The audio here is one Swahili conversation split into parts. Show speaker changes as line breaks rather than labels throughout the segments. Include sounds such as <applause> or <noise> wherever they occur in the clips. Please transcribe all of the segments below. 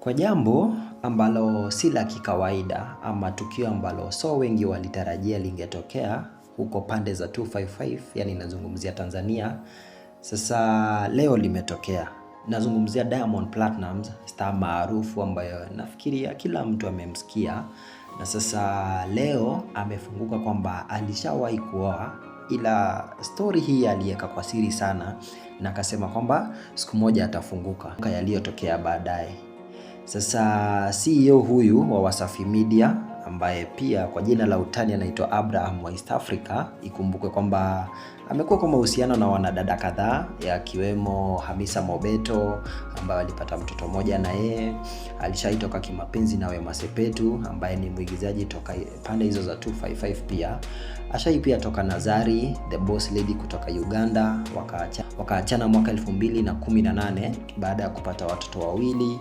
Kwa jambo ambalo si la kikawaida ama tukio ambalo so wengi walitarajia lingetokea huko pande za 255, yani nazungumzia Tanzania. Sasa leo limetokea, nazungumzia Diamond Platnumz, star maarufu ambayo nafikiria kila mtu amemsikia, na sasa leo amefunguka kwamba alishawahi kuoa, ila stori hii aliweka kwa siri sana, na akasema kwamba siku moja atafunguka yaliyotokea baadaye. Sasa CEO huyu wa Wasafi Media ambaye pia kwa jina la utani anaitwa Abraham wa East Africa, ikumbukwe kwamba amekuwa kwa mahusiano na wanadada kadhaa yakiwemo Hamisa Mobeto ambaye alipata mtoto mmoja na yeye, alishaitoka kimapenzi na Wema Sepetu ambaye ni mwigizaji toka pande hizo za 255, pia ashai pia toka Nazari the boss lady kutoka Uganda, wakaachana waka mwaka 2018 baada ya kupata watoto wawili.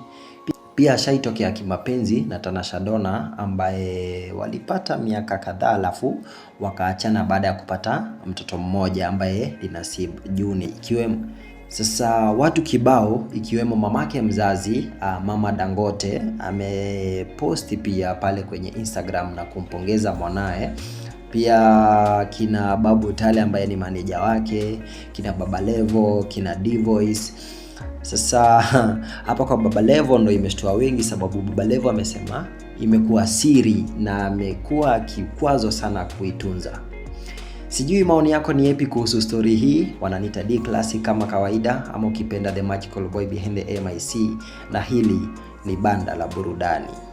Pia ashaitokea kimapenzi na Tanasha Dona ambaye walipata miaka kadhaa alafu wakaachana baada ya kupata mtoto mmoja ambaye ni Nasib Juni ikiwemo sasa watu kibao ikiwemo mamake mzazi ah, mama Dangote ameposti pia pale kwenye Instagram na kumpongeza mwanaye. Pia kina Babu Tale ambaye ni maneja wake, kina Baba Levo, kina d sasa <laughs> hapa kwa Baba Levo ndo imeshtua wengi, sababu Baba Levo amesema imekuwa siri na amekuwa kikwazo sana kuitunza. Sijui maoni yako ni epi kuhusu stori hii? wananita D Classic kama kawaida, ama ukipenda the magical boy behind the mic, na hili ni banda la burudani.